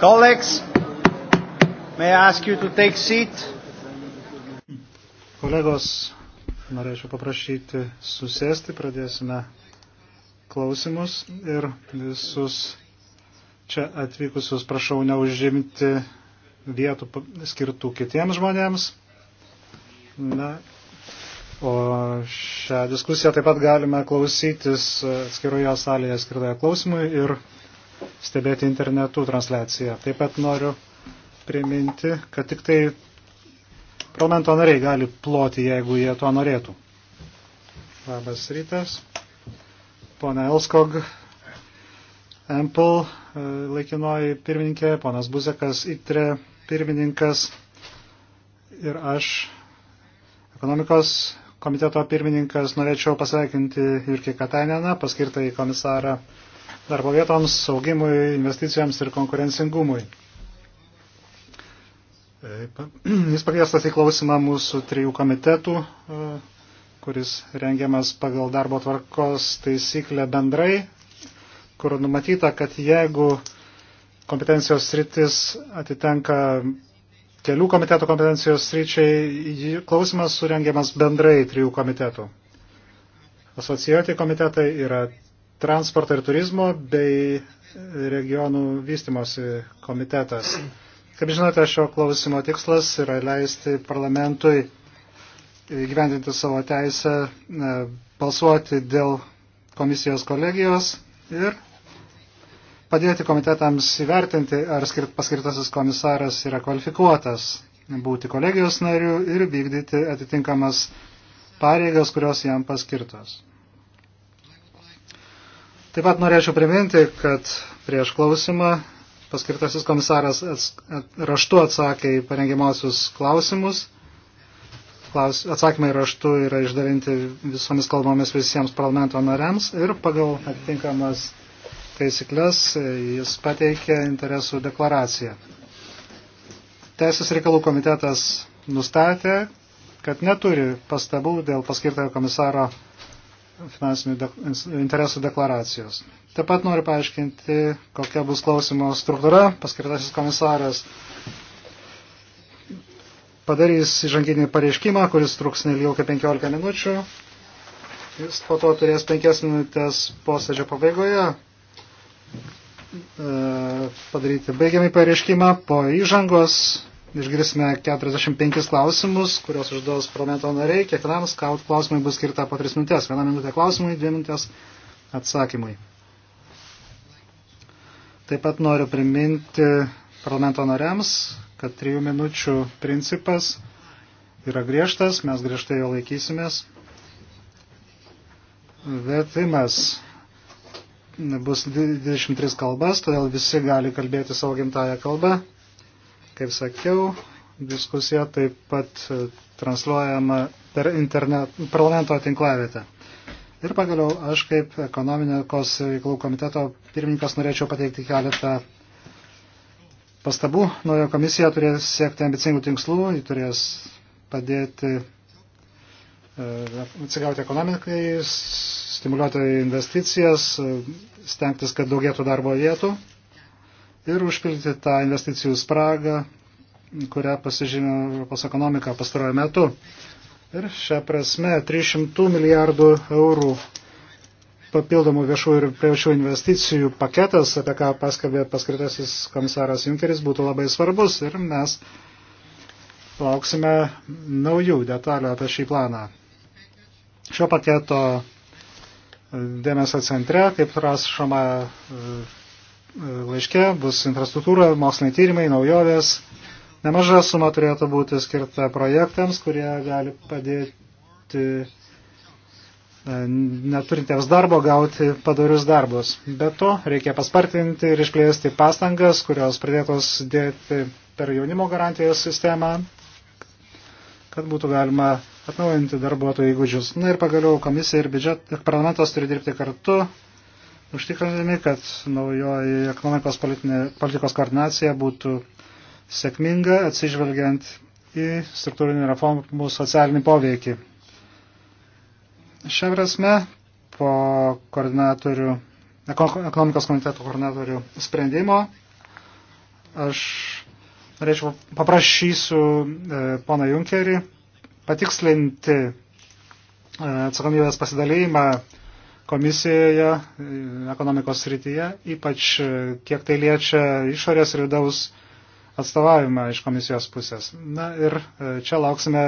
Colleagues, may I ask you to take seat? Kolegos, norėčiau paprašyti susėsti, pradėsime klausimus ir visus čia atvykusius prašau neužimti vietų skirtų kitiems žmonėms. Na, o šią diskusiją taip pat galime klausytis atskiroje salėje skirtoje klausimui ir stebėti internetu transliaciją. Taip pat noriu priminti, kad tik tai parlamento nariai gali ploti, jeigu jie to norėtų. Labas rytas. Pone Elskog, Empel e, laikinoji pirmininkė, ponas Buzekas, ITRE pirmininkas ir aš, ekonomikos komiteto pirmininkas, norėčiau pasveikinti Jurkį Kataneną, paskirtą į komisarą darbo vietoms, saugimui, investicijoms ir konkurencingumui. Jis pakviestas į klausimą mūsų trijų komitetų, kuris rengiamas pagal darbo tvarkos taisyklę bendrai, kur numatyta, kad jeigu kompetencijos sritis atitenka kelių komitetų kompetencijos sričiai, klausimas surengiamas bendrai trijų komitetų. Asocijuoti komitetai yra transporto ir turizmo bei regionų vystimosi komitetas. Kaip žinote, šio klausimo tikslas yra leisti parlamentui gyventinti savo teisę e, balsuoti dėl komisijos kolegijos ir padėti komitetams įvertinti, ar paskirtasis komisaras yra kvalifikuotas būti kolegijos nariu ir vykdyti atitinkamas pareigas, kurios jam paskirtos. Taip pat norėčiau priminti, kad prieš klausimą paskirtasis komisaras raštu atsakė į parengiamosius klausimus. Klaus, atsakymai raštu yra išdalinti visomis kalbomis visiems parlamento nariams ir pagal atitinkamas taisyklės jis pateikė interesų deklaraciją. Teisės reikalų komitetas nustatė, kad neturi pastabų dėl paskirtojo komisaro finansinių dek interesų deklaracijos. Taip pat noriu paaiškinti, kokia bus klausimo struktūra. Paskirtasis komisaras padarys įžanginį pareiškimą, kuris truks nelgiau kaip 15 minučių. Jis po to turės 5 minutės posėdžio pabaigoje e, padaryti baigiamį pareiškimą po įžangos išgirsime 45 klausimus, kuriuos užduos prometo nariai. Kiekvienam skaut klausimui bus skirta po 3 minutės. Vieną minutę klausimui, 2 minutės atsakymui. Taip pat noriu priminti parlamento nariams, kad 3 minučių principas yra griežtas, mes griežtai jo laikysimės. Vertimas bus 23 kalbas, todėl visi gali kalbėti savo gimtają kalbą. Kaip sakiau, diskusija taip pat transliuojama per internet, parlamento tinklavietę. Ir pagaliau aš kaip ekonominės reikalų komiteto pirmininkas norėčiau pateikti keletą pastabų. Nauja komisija turės siekti ambicingų tinkslų, ji turės padėti e, atsigauti ekonomikai, stimuliuoti investicijas, e, stengtis, kad daugėtų darbo vietų ir užpildyti tą investicijų spragą, kurią pasižymė Europos ekonomika pastaruoju metu. Ir šią prasme 300 milijardų eurų papildomų viešų ir privačių investicijų paketas, apie ką paskelbė paskirtasis komisaras Junkeris, būtų labai svarbus ir mes lauksime naujų detalių apie šį planą. Šio paketo dėmesio centre, kaip rašoma laiške bus infrastruktūra, moksliniai tyrimai, naujovės. Nemaža suma turėtų būti skirta projektams, kurie gali padėti e, neturintiems darbo gauti padarius darbus. Be to, reikia paspartinti ir išplėsti pastangas, kurios pradėtos dėti per jaunimo garantijos sistemą, kad būtų galima atnaujinti darbuotojų įgūdžius. Na ir pagaliau komisija ir biudžet, ir parlamentas turi dirbti kartu, užtikrindami, kad naujoji ekonomikos politinė, politikos koordinacija būtų sėkminga atsižvelgiant į struktūrinį reformų socialinį poveikį. Šią prasme, po koordinatorių, ekonomikos komiteto koordinatorių sprendimo, aš norėčiau paprašysiu e, poną Junkerį patikslinti e, atsakomybės pasidalymą komisijoje, ekonomikos srityje, ypač e, kiek tai liečia išorės ir vidaus atstovavimą iš komisijos pusės. Na ir e, čia lauksime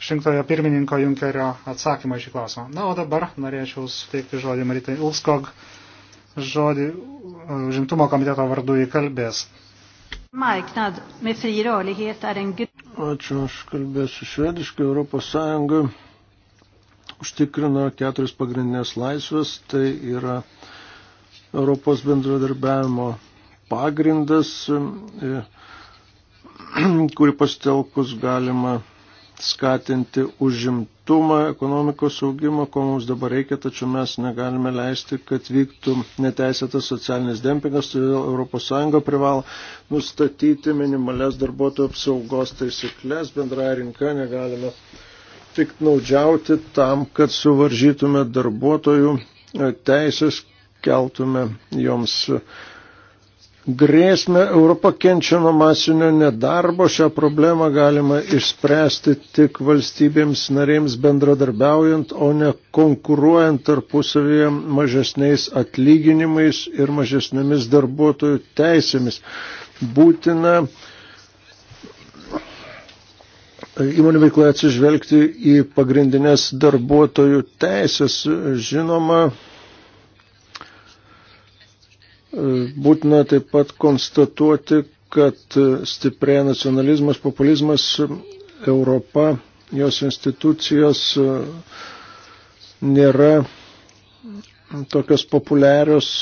šimtojo pirmininko Junkerio atsakymą iš įklausimą. Na, o dabar norėčiau suteikti žodį Maritai Ulskog, žodį e, žimtumo komiteto vardu įkalbės. Ačiū, aš kalbėsiu švediškai Europos Sąjungai užtikrina keturis pagrindinės laisvės, tai yra Europos bendradarbiavimo pagrindas, kurį pastelkus galima skatinti užimtumą, ekonomikos augimą, ko mums dabar reikia, tačiau mes negalime leisti, kad vyktų neteisėtas socialinis dempingas, todėl ES privalo nustatyti minimales darbuotojų apsaugos taisyklės, bendra rinka negalime piknaudžiauti tam, kad suvaržytume darbuotojų teisės, keltume joms grėsmę. Europą kenčia nuo masinio nedarbo. Šią problemą galima išspręsti tik valstybėms narėms bendradarbiaujant, o ne konkuruojant tarpusavėje mažesniais atlyginimais ir mažesnėmis darbuotojų teisėmis. Būtina uh, įmonių veikloje atsižvelgti į pagrindinės darbuotojų teisės. Žinoma, būtina taip pat konstatuoti, kad stiprėja nacionalizmas, populizmas, Europa, jos institucijos nėra tokios populiarios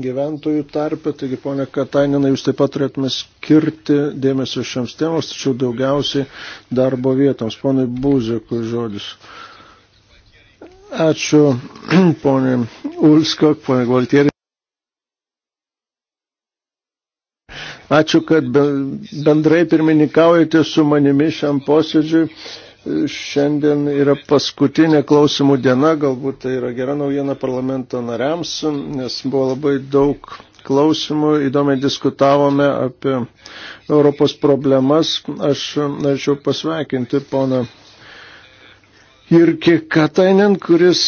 gyventojų tarpe. Taigi, ponia Katainina, jūs taip pat turėtume skirti dėmesio šiams temos, tačiau daugiausiai darbo vietoms. Ponai Būzėkui žodis. Ačiū, ponė Ulskok, ponė Gvaltieri. Ačiū, kad bendrai pirmininkaujate su manimi šiam posėdžiui. Šiandien yra paskutinė klausimų diena, galbūt tai yra gera naujiena parlamento nariams, nes buvo labai daug klausimų, įdomiai diskutavome apie Europos problemas. Aš norėčiau pasveikinti poną Jirki Katainen, kuris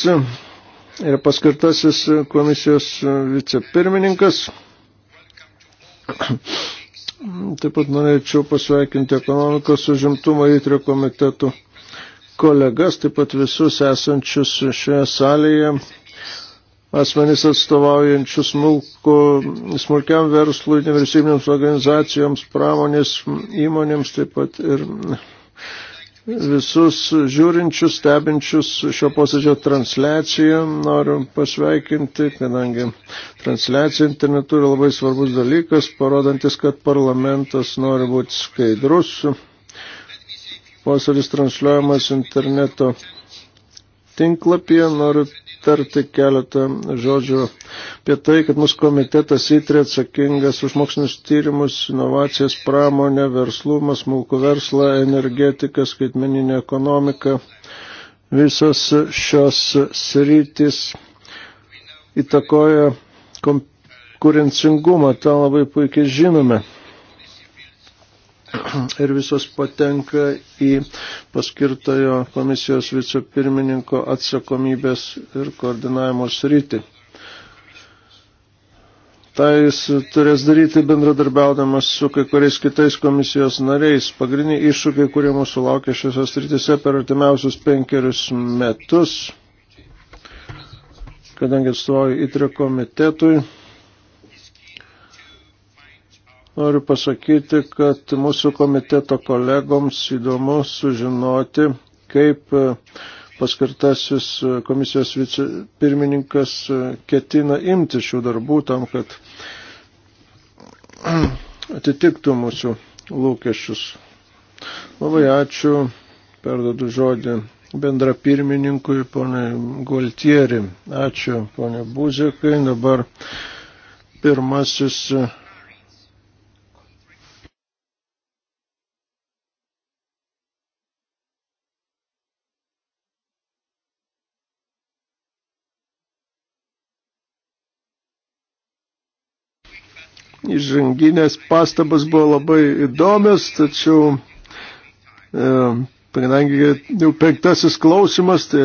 yra paskirtasis komisijos vicepirmininkas. Taip pat norėčiau pasveikinti ekonomikos užimtumo įtrio komitetų kolegas, taip pat visus esančius šioje salėje, asmenys atstovaujančius smulku, smulkiam verslui, nevyriausybinėms organizacijoms, pramonės įmonėms, taip pat ir visus žiūrinčius, stebinčius šio posėdžio transliaciją. Noriu pasveikinti, kadangi transliacija internetu yra labai svarbus dalykas, parodantis, kad parlamentas nori būti skaidrus. Posėdis transliuojamas interneto tinklapyje. Noriu tarti keletą žodžių apie tai, kad mūsų komitetas įtrė atsakingas už mokslinius tyrimus, inovacijas, pramonę, verslumą, smulkų verslą, energetiką, skaitmeninę ekonomiką. Visos šios sritys įtakoja konkurencingumą, tą labai puikiai žinome. ir visos patenka į paskirtojo komisijos vicepirmininko atsakomybės ir koordinavimo sritį. Tai jis turės daryti bendradarbiaudamas su kai kuriais kitais komisijos nariais. Pagrindiniai iššūkiai, kurie mūsų laukia šiose sritise per artimiausius penkerius metus, kadangi atstovauju įtrio komitetui, Noriu pasakyti, kad mūsų komiteto kolegoms įdomu sužinoti, kaip e, paskirtasis e, komisijos vicepirmininkas e, ketina imti šių darbų tam, kad atitiktų mūsų lūkesčius. Labai ačiū, perdodu žodį bendra pirmininkui, ponai Gualtieri. Ačiū, ponai Buzekai. Dabar pirmasis įžanginės pastabas buvo labai įdomios, tačiau e, kadangi jau penktasis klausimas, tai